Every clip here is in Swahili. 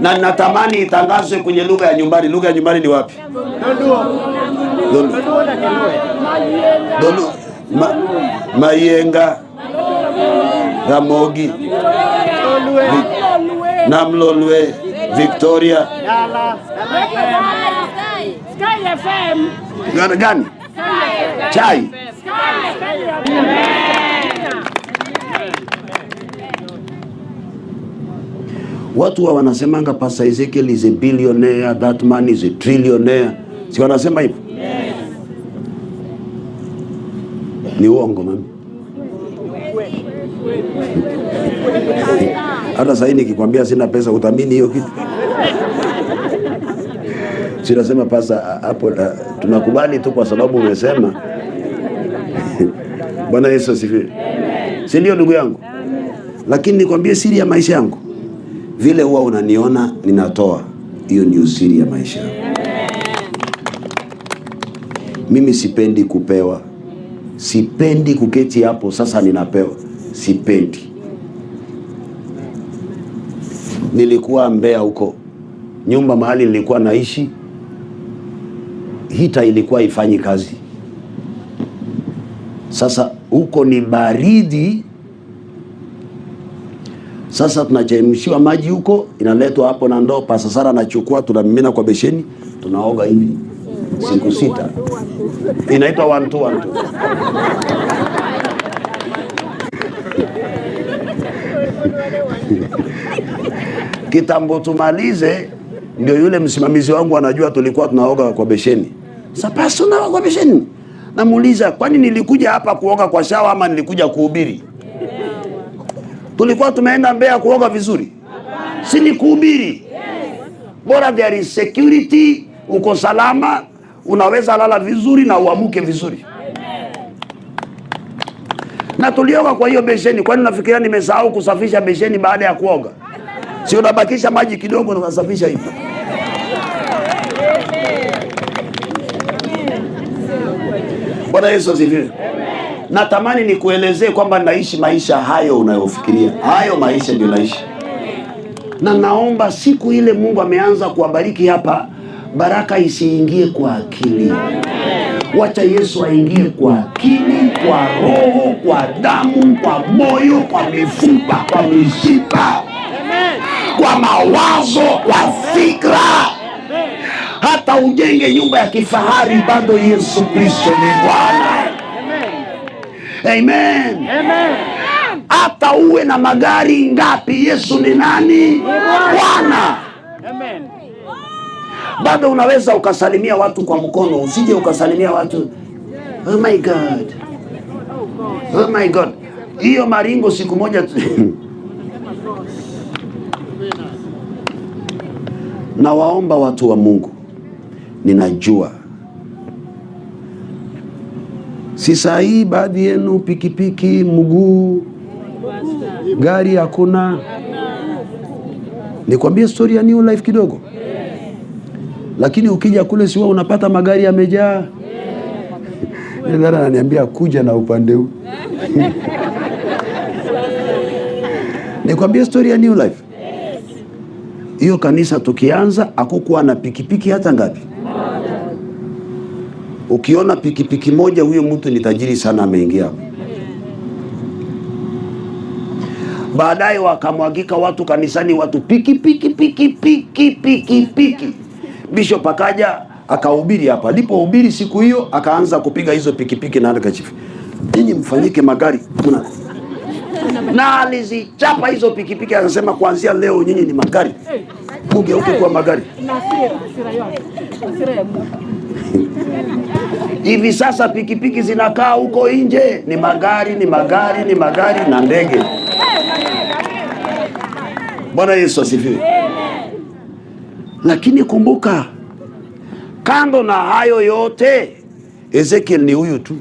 na natamani itangazwe kwenye lugha ya nyumbani. Lugha ya nyumbani ni wapi? Mayenga, Ramogi, Namlolwe, Victoria gani gani chai Watu wa wanasemanga pasa Ezekiel is a billionaire, that man is a trillionaire. Si wanasema hivyo? Yes. Ni uongo mami. Hata sasa nikikwambia sina pesa utamini hiyo kitu. Si nasema pasa hapo eh, tunakubali tu kwa sababu umesema. Bwana Yesu asifiwe. Si ndio ndugu yangu? Lakini nikwambie siri ya maisha yangu vile huwa unaniona ninatoa, hiyo ni usiri ya maisha. Mimi sipendi kupewa, sipendi kuketi hapo sasa ninapewa, sipendi. Nilikuwa Mbeya huko, nyumba mahali nilikuwa naishi, hita ilikuwa ifanyi kazi. Sasa huko ni baridi sasa tunachemshiwa maji huko, inaletwa hapo na ndoo. Pasasara anachukua, tunamimina kwa besheni, tunaoga hivi siku sita. Inaitwa one two one two. Kitambo tumalize, ndio yule msimamizi wangu anajua tulikuwa tunaoga kwa besheni. Sasa tunaoga kwa besheni, namuuliza kwani nilikuja hapa kuoga kwa shawa ama nilikuja kuhubiri? tulikuwa tumeenda mbea kuoga vizuri? sini ni Yes. Bora there is security, uko salama, unaweza lala vizuri na uamuke vizuri. Amen. Na tulioga kwa hiyo besheni. Kwani nafikiria nimesahau kusafisha besheni baada ya kuoga? Si unabakisha maji kidogo na unasafisha Bwana Yesu asifiwe. Natamani nikuelezee kwamba naishi maisha hayo unayofikiria, hayo maisha ndio naishi, na naomba siku ile Mungu ameanza kuwabariki hapa, baraka isiingie kwa akili. Wacha Yesu aingie kwa akili, kwa roho, kwa damu, kwa moyo, kwa mifupa, kwa mishipa, kwa mawazo, kwa fikra. Hata ujenge nyumba ya kifahari, bado Yesu Kristo ni Bwana. Amen. Hata uwe na magari ngapi, Yesu ni nani? Bwana. Bado unaweza ukasalimia watu kwa mkono, usije ukasalimia watu oh my God. Oh my God. Hiyo maringo siku moja nawaomba watu wa Mungu, ninajua Si saa hii baadhi yenu pikipiki, mguu, gari hakuna. Nikwambie stori ya New Life kidogo, lakini ukija kule siwa unapata magari yamejaa. Dada ananiambia kuja na upande huu nikwambie stori ya New Life hiyo. Kanisa tukianza akukuwa na pikipiki hata ngapi? Ukiona pikipiki moja, huyo mtu ni tajiri sana, ameingia Baadaye wakamwagika watu kanisani, watu pikipiki piki piki piki piki. Bishop akaja akahubiri hapa. Alipohubiri siku hiyo, akaanza kupiga hizo pikipiki na handkerchief, ninyi mfanyike magari kuna na alizichapa hizo pikipiki, anasema kuanzia leo nyinyi ni magari, mugeuke kuwa magari. Hivi sasa pikipiki zinakaa huko nje, ni magari, ni magari, ni magari na ndege. Bwana Yesu asifiwe. Lakini kumbuka, kando na hayo yote, Ezekiel ni huyu tu.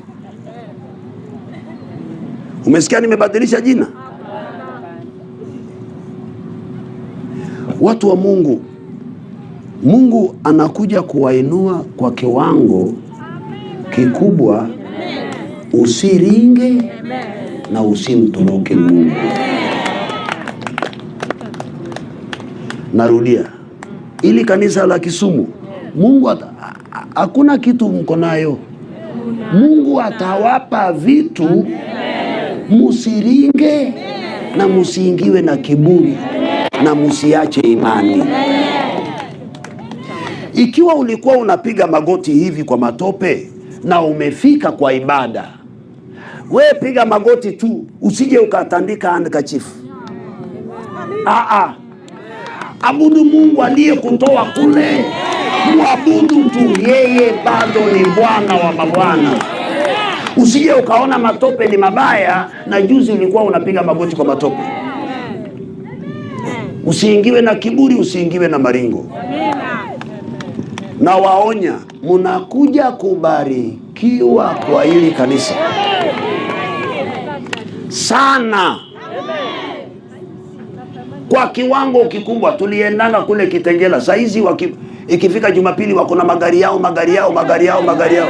Umesikia nimebadilisha jina, watu wa Mungu? Mungu anakuja kuwainua kwa kiwango kikubwa. Usiringe na usimtoroke Mungu. Narudia, ili kanisa la Kisumu, Mungu hakuna kitu mko nayo. Mungu atawapa vitu, musiringe na musiingiwe na kiburi na musiache imani. Ikiwa ulikuwa unapiga magoti hivi kwa matope na umefika kwa ibada, we piga magoti tu, usije ukatandika andkachifu Aa, abudu Mungu aliyekutoa kule, mwabudu tu, yeye bado ni Bwana wa mabwana. Usije ukaona matope ni mabaya, na juzi ulikuwa unapiga magoti kwa matope. Usiingiwe na kiburi, usiingiwe na maringo na waonya, munakuja kubarikiwa kwa hili kanisa sana kwa kiwango kikubwa. Tuliendanga kule Kitengela, saa hizi ikifika Jumapili wako na magari yao magari yao magari yao magari yao.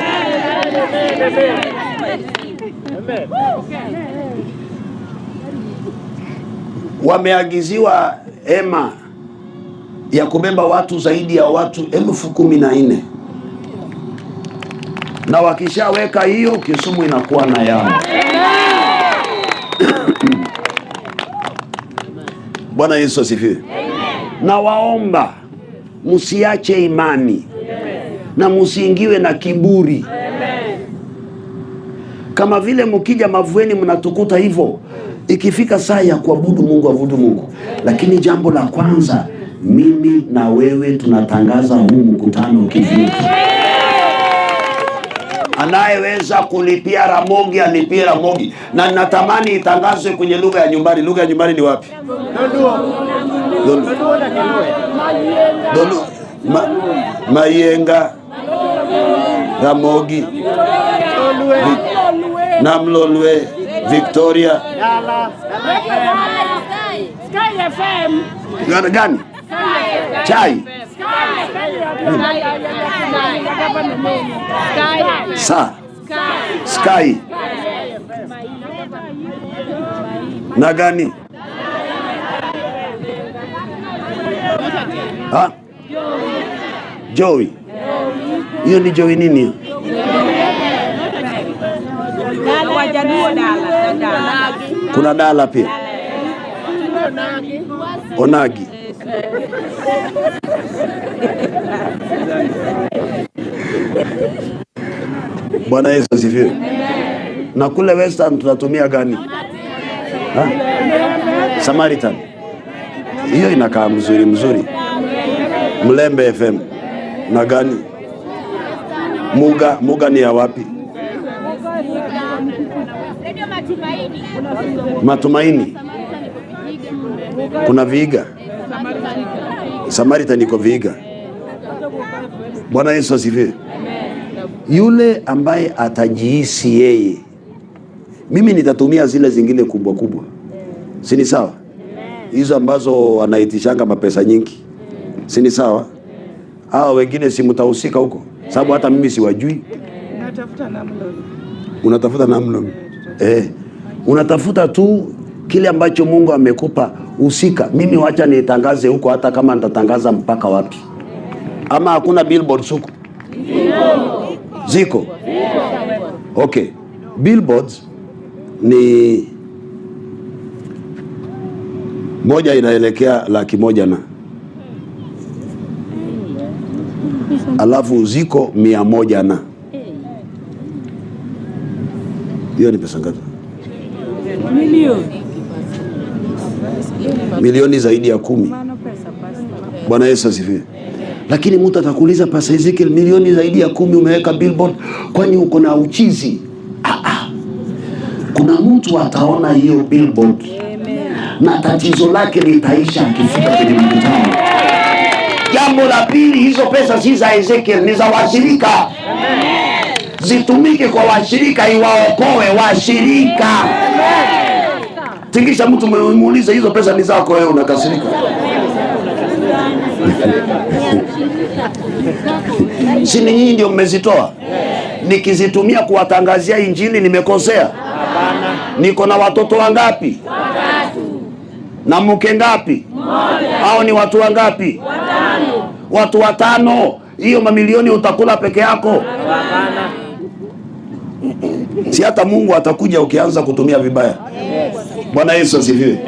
Wameagiziwa hema ya kubeba watu zaidi ya watu elfu kumi na nne na wakishaweka hiyo Kisumu inakuwa na yao. Bwana Yesu asifiwe. Na waomba msiache imani Amen. na msiingiwe na kiburi Amen. Kama vile mkija Mavueni mnatukuta hivyo, ikifika saa ya kuabudu Mungu abudu Mungu, lakini jambo la kwanza mimi na wewe tunatangaza huu mkutano ukivuka. Anayeweza kulipia Ramogi alipie Ramogi, na natamani itangazwe kwenye lugha ya nyumbani. Lugha ya nyumbani ni wapi? Mayenga, Ramogi, Namlolwe, Victoria gani chai sa sky na gani ha? Joy hiyo ni jowi nini? Kuna dala pia onagi Bwana Yesu asifiwe. Na kule Western tunatumia gani? Ha? Samaritan. Hiyo inakaa mzuri mzuri. Mlembe FM na gani? Muga, Muga ni ya wapi? Matumaini. Kuna Viiga. Samaritan iko Vihiga. Bwana Yesu asifiwe. Yule ambaye atajihisi yeye, mimi nitatumia zile zingine kubwa kubwa, si ni sawa? Hizo ambazo wanaitishanga mapesa nyingi, si ni sawa? Hawa wengine si mtahusika huko, sababu hata mimi siwajui. Unatafuta namna eh, unatafuta tu kile ambacho Mungu amekupa husika, mimi wacha nitangaze huko, hata kama nitatangaza mpaka wapi. Ama hakuna billboards huko? Ziko. Okay, billboards ni moja inaelekea laki moja na alafu ziko mia moja na hiyo ni pesa ngapi? Milioni milioni zaidi ya kumi. Bwana Yesu asifiwe. Lakini mtu atakuuliza pasa Ezekiel, milioni zaidi ya kumi umeweka billboard, kwani uko na uchizi? Ah, ah. Kuna mtu ataona hiyo billboard na tatizo lake litaisha akifika kwenye mkutano. Jambo la pili, hizo pesa si za Ezekiel, ni za washirika. Zitumike kwa washirika, iwaokoe washirika. Amen tingisha mtu muulize hizo pesa ni zako wewe unakasirika sini nyinyi ndio mmezitoa nikizitumia kuwatangazia injili nimekosea niko na watoto wangapi na mke ngapi au ni watu wangapi watu watano hiyo mamilioni utakula peke yako si hata Mungu atakuja ukianza kutumia vibaya. Bwana Yesu asifiwe.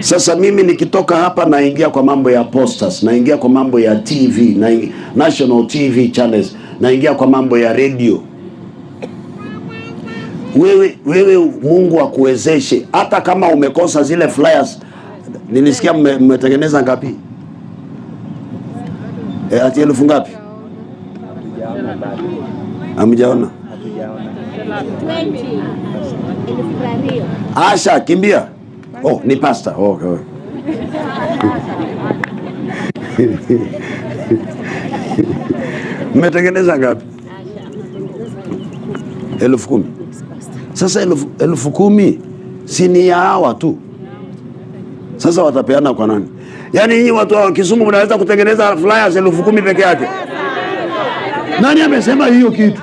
Sasa mimi nikitoka hapa naingia kwa mambo ya posters, naingia kwa mambo ya TV na national TV channels, naingia kwa mambo ya radio. Wewe, wewe Mungu akuwezeshe hata kama umekosa zile flyers. Nilisikia mmetengeneza ngapi? E, ati elfu ngapi? amjaona Asha, kimbia. Oh, ni pasta. Oh, okay. Mmetengeneza ngapi? Elfu kumi. Sasa elfu, elfu kumi si ni ya hawa tu. Sasa watapeana kwa nani? Yaani nyinyi watu wa Kisumu mnaweza kutengeneza flyers elfu kumi peke yake. Nani amesema hiyo kitu?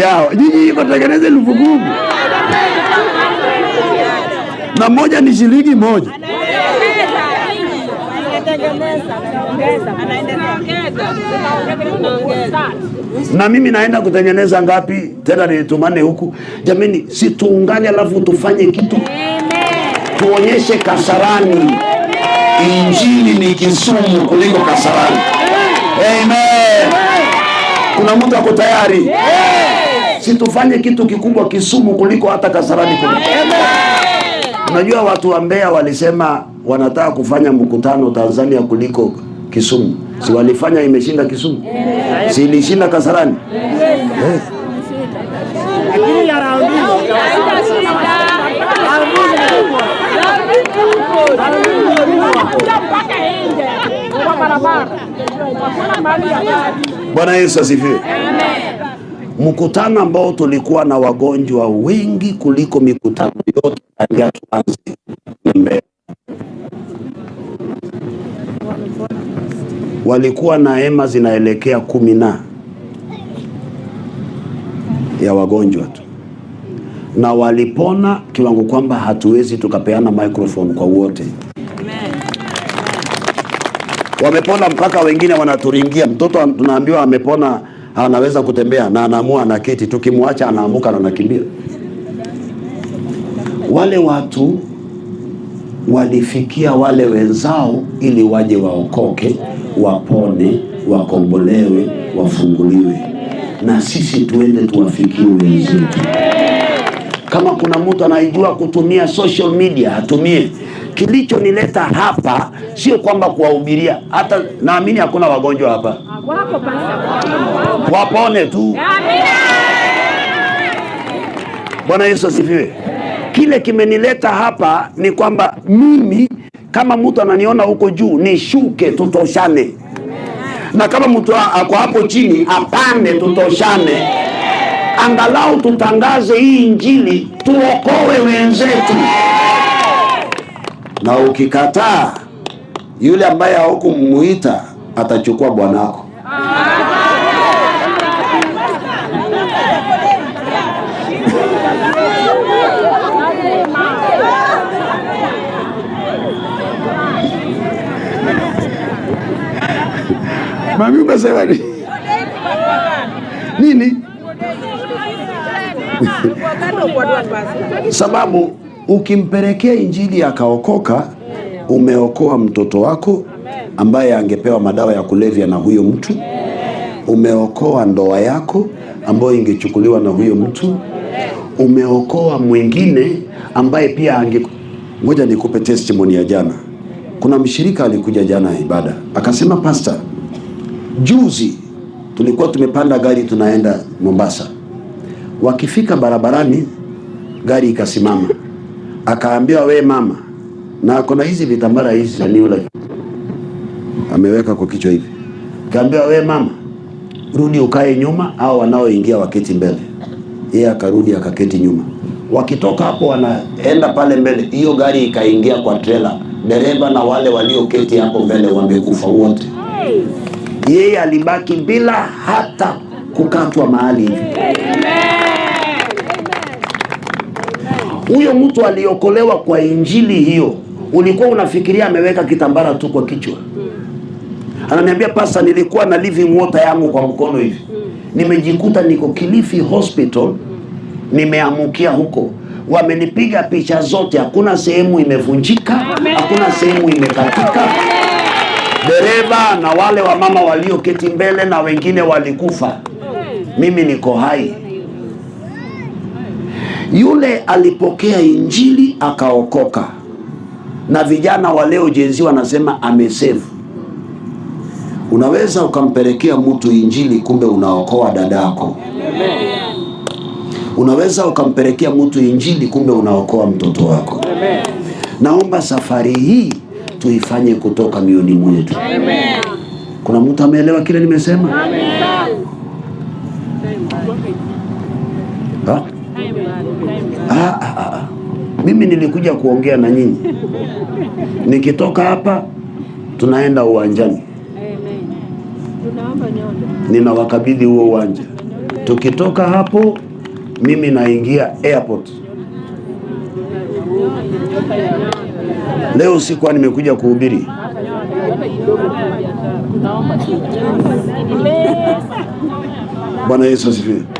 yao nyinyi iko tengeneze na moja ni shilingi moja na mimi naenda kutengeneza ngapi tena? Nitumane huku jamani, si alafu tufanye kitu, tuonyeshe Kasarani. Injili ni kisumu kuliko kasarani. Amen. Kuna mtu ako tayari? Situfanye kitu kikubwa kisumu kuliko hata kasarani kuna. Unajua watu wa mbea walisema wanataka kufanya mkutano Tanzania kuliko Kisumu. Si walifanya imeshinda Kisumu? Si ilishinda Kasarani? Eh. Bwana Yesu asifiwe. Mkutano ambao tulikuwa na wagonjwa wengi kuliko mikutano yote tangia tuanze mbele, walikuwa na hema zinaelekea kumi na ya wagonjwa tu, na walipona kiwango kwamba hatuwezi tukapeana microphone kwa wote wamepona mpaka wengine wanaturingia. Mtoto tunaambiwa amepona, anaweza kutembea na anaamua anaketi, tukimwacha anaamuka na nakimbia Wale watu walifikia wale wenzao ili waje waokoke, wapone, wakombolewe, wafunguliwe, na sisi tuende tuwafikie wenzetu. Kama kuna mtu anaijua kutumia social media atumie. Kilichonileta hapa sio kwamba kuwahubiria, hata naamini hakuna wagonjwa hapa, wapone tu. Bwana Yesu asifiwe. Kile kimenileta hapa ni kwamba mimi kama mtu ananiona huko juu nishuke, tutoshane, na kama mtu ako hapo chini apande, tutoshane, angalau tutangaze hii Injili, tuokoe wenzetu na ukikataa yule ambaye haukumuita atachukua bwanako. Mami, umesema nini? Sababu Ukimpelekea injili akaokoka, umeokoa mtoto wako ambaye angepewa madawa ya kulevya na huyo mtu. Umeokoa ndoa yako ambayo ingechukuliwa na huyo mtu. Umeokoa mwingine ambaye pia ange... Ngoja nikupe testimony ya jana. Kuna mshirika alikuja jana ibada akasema, pasta juzi tulikuwa tumepanda gari tunaenda Mombasa, wakifika barabarani gari ikasimama akaambiwa, we mama, na kuna hizi vitambara hizi za New Life ameweka kwa kichwa hivi, akaambiwa, we mama, rudi ukae nyuma, au wanaoingia waketi mbele. Yeye akarudi akaketi nyuma. Wakitoka hapo wanaenda pale mbele, hiyo gari ikaingia kwa trela, dereva na wale walioketi hapo mbele wamekufa wote. Yeye alibaki bila hata kukatwa mahali hivi. Huyo mtu aliokolewa kwa injili hiyo, ulikuwa unafikiria ameweka kitambara tu kwa kichwa? Ananiambia pasa, nilikuwa na living water yangu kwa mkono hivi, nimejikuta niko Kilifi Hospital, nimeamukia huko wamenipiga picha zote, hakuna sehemu imevunjika, hakuna sehemu imekatika. Dereva na wale wamama walioketi mbele na wengine walikufa, mimi niko hai. Yule alipokea injili akaokoka, na vijana wa leo jenzi wanasema amesevu. Unaweza ukampelekea mtu injili, kumbe unaokoa dadako. Unaweza ukampelekea mtu injili, kumbe unaokoa mtoto wako. Naomba safari hii tuifanye kutoka mioni mwetu. Kuna mtu ameelewa kile nimesema? Amen. Ah, ah, ah, mimi nilikuja kuongea na nyinyi, nikitoka hapa tunaenda uwanjani. Ninawakabidhi huo uwanja, tukitoka hapo mimi naingia airport. Leo sikuwa nimekuja kuhubiri Bwana Yesu asifiwe.